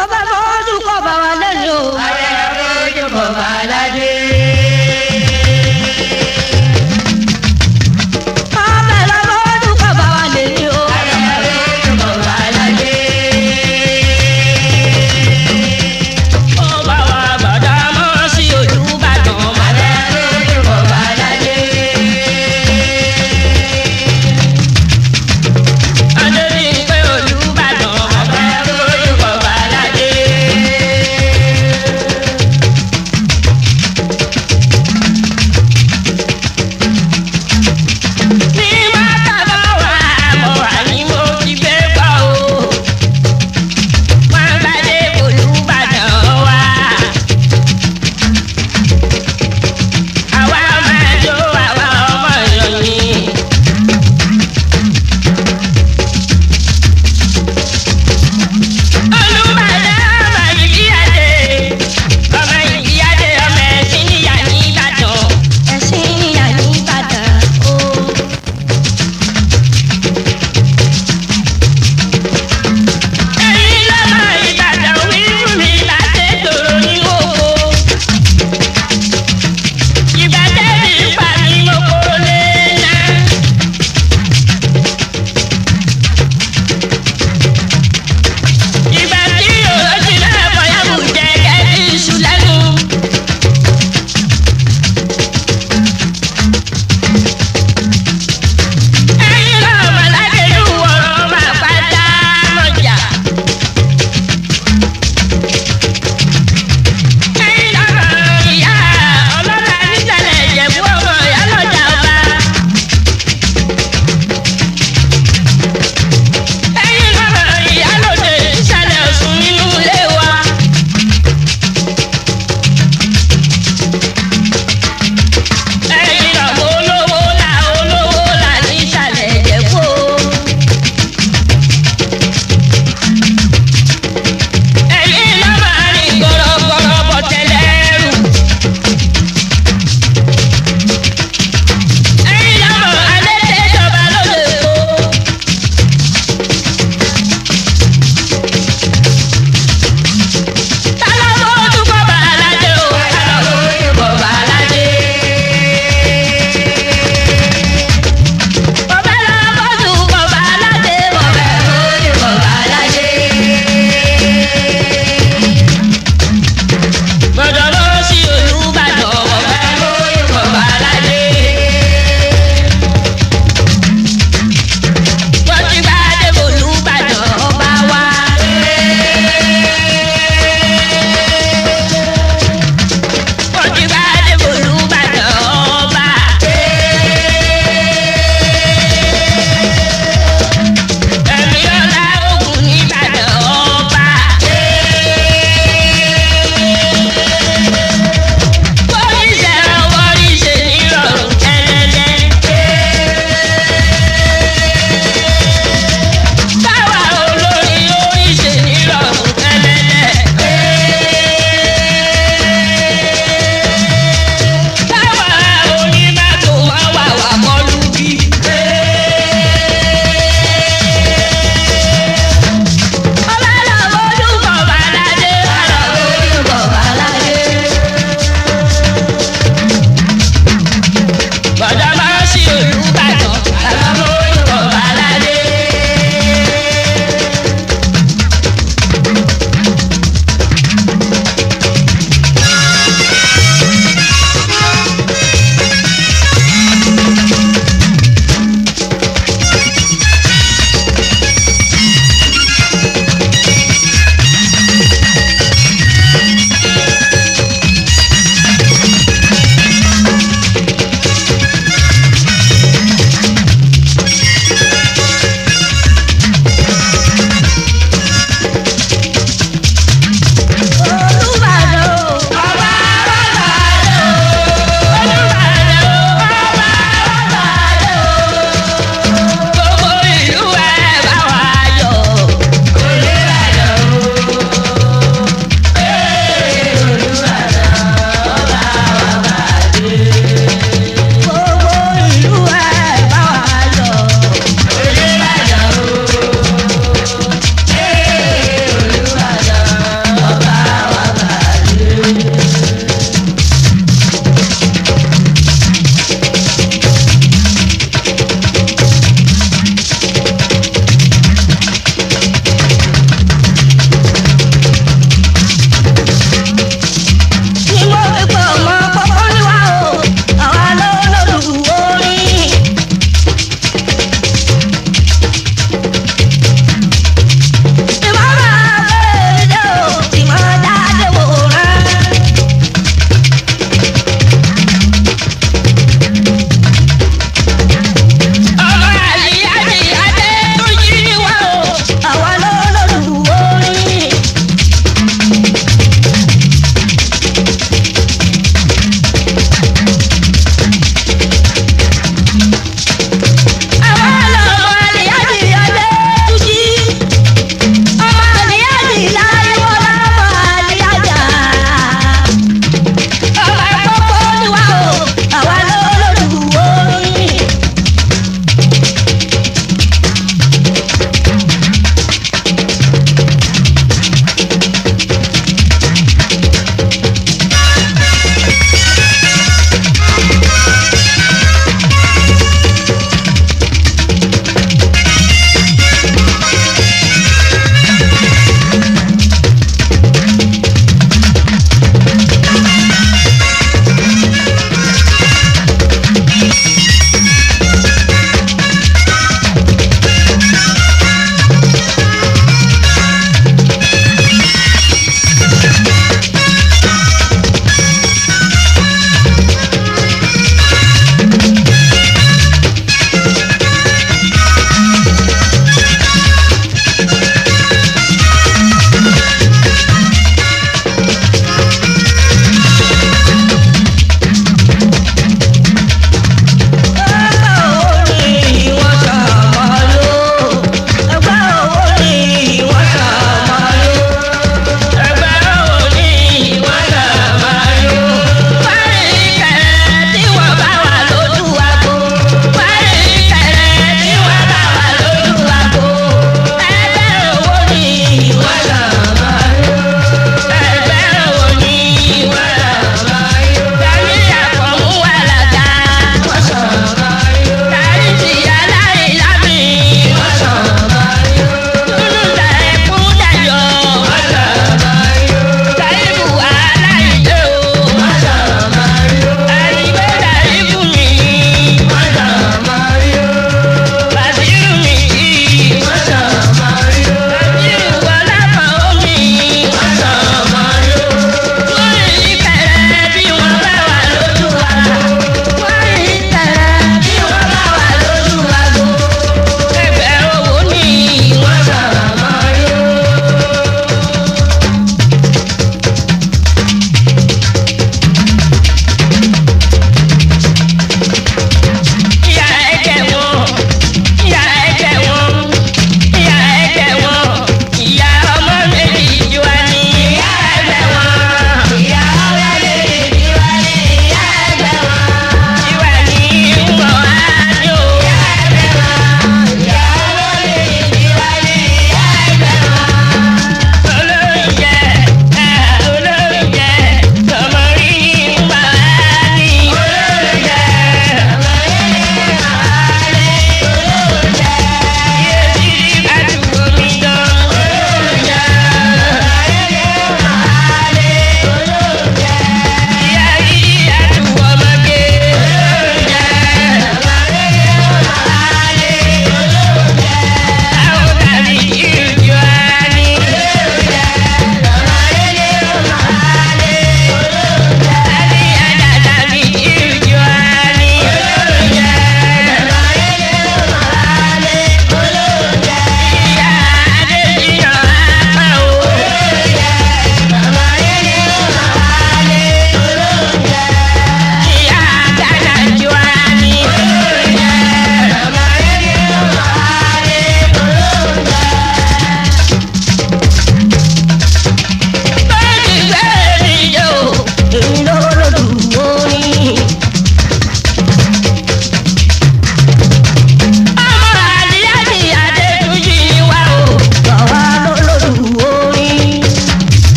bó bá fojú kọ bá wa lẹ́nu. ayẹyẹ fojú kọ bá aládé.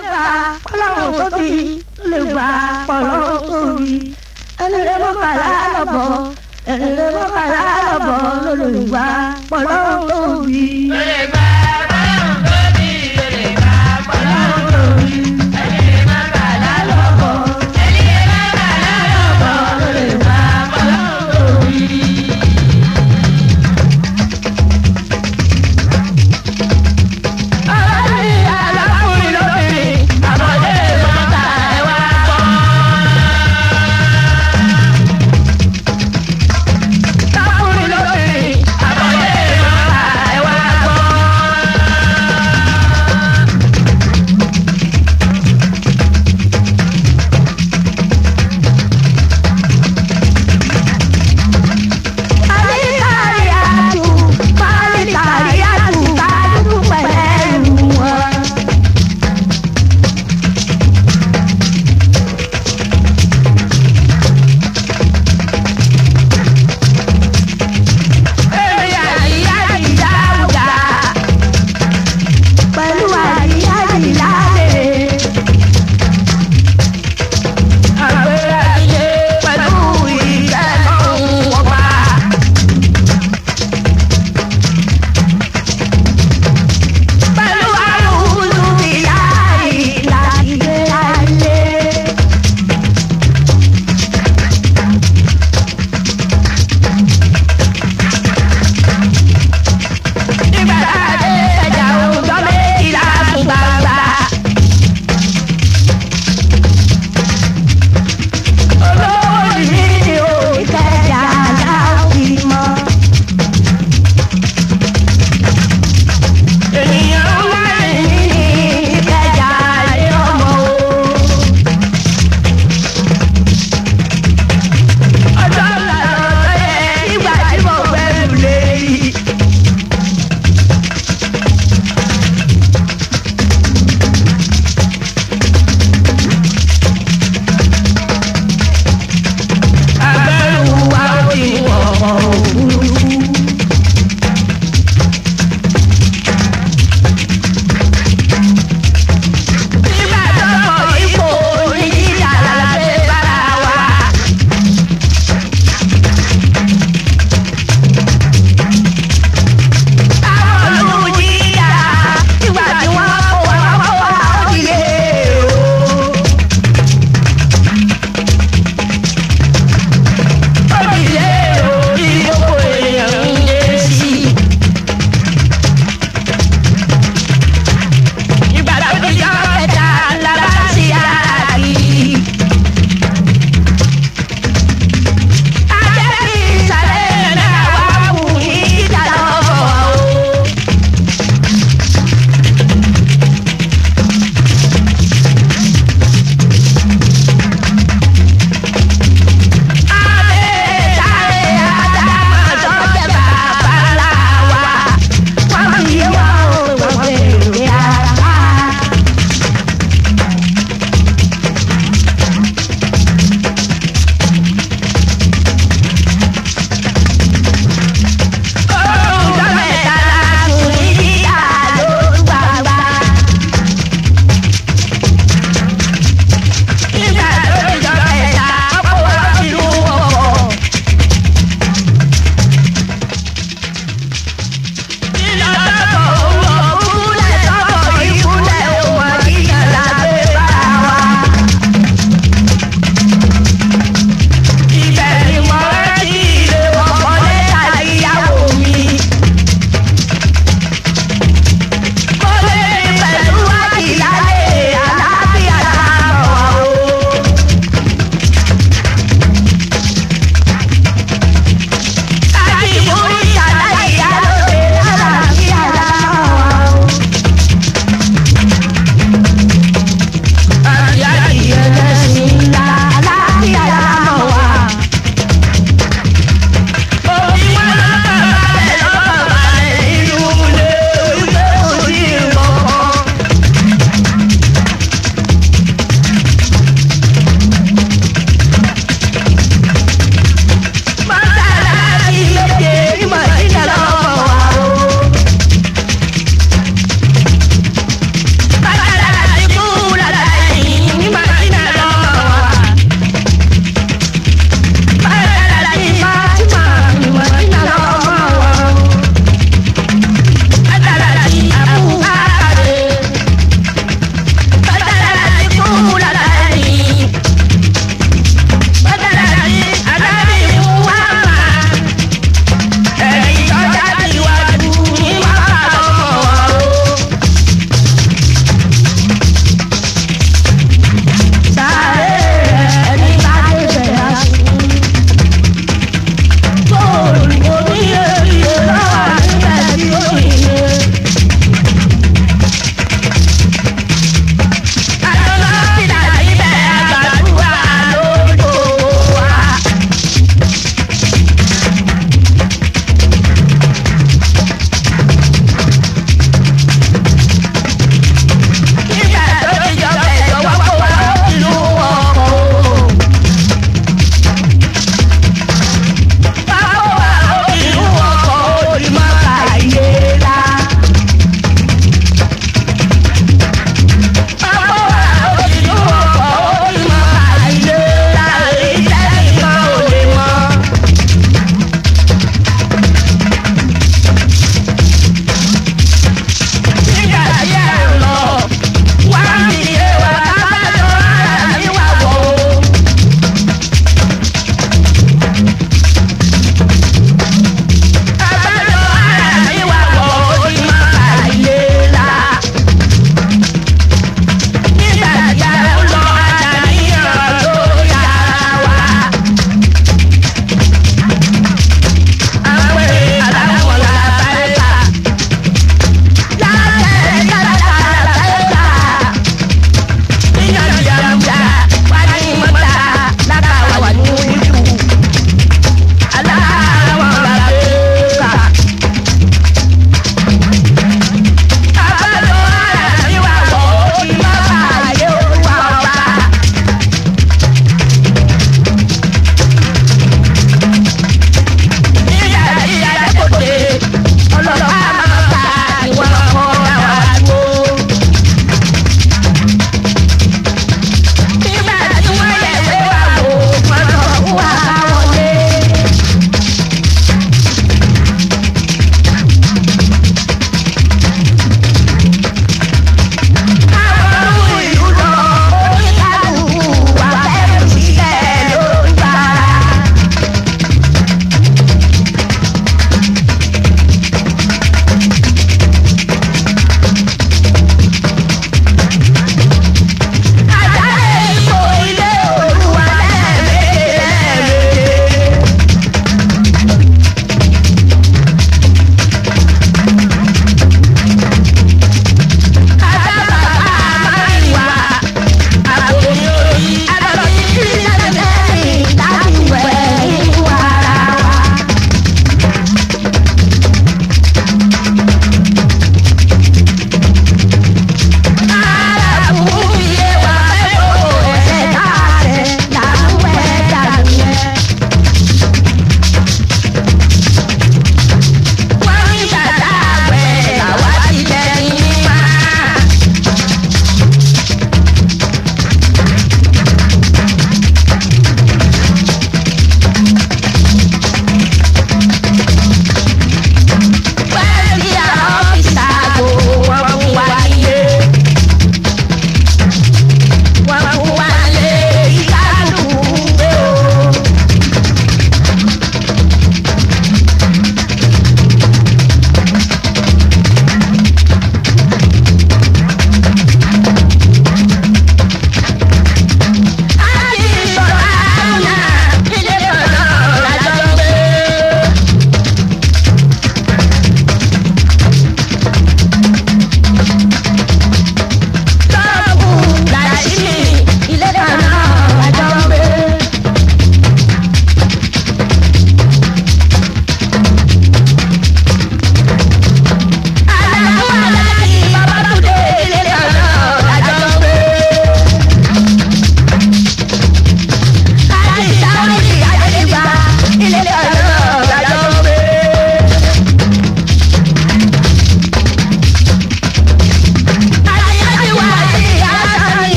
gba kọ́láwọ̀ sóbì tó lè gba pọ̀lọ́ sóbì ẹlẹ́rẹ́ mọ́kànlá lọ́bọ̀ ẹlẹ́rẹ́ mọ́kànlá lọ́bọ̀ lọ́lọ́lùgbà pọ̀lọ́ sóbì.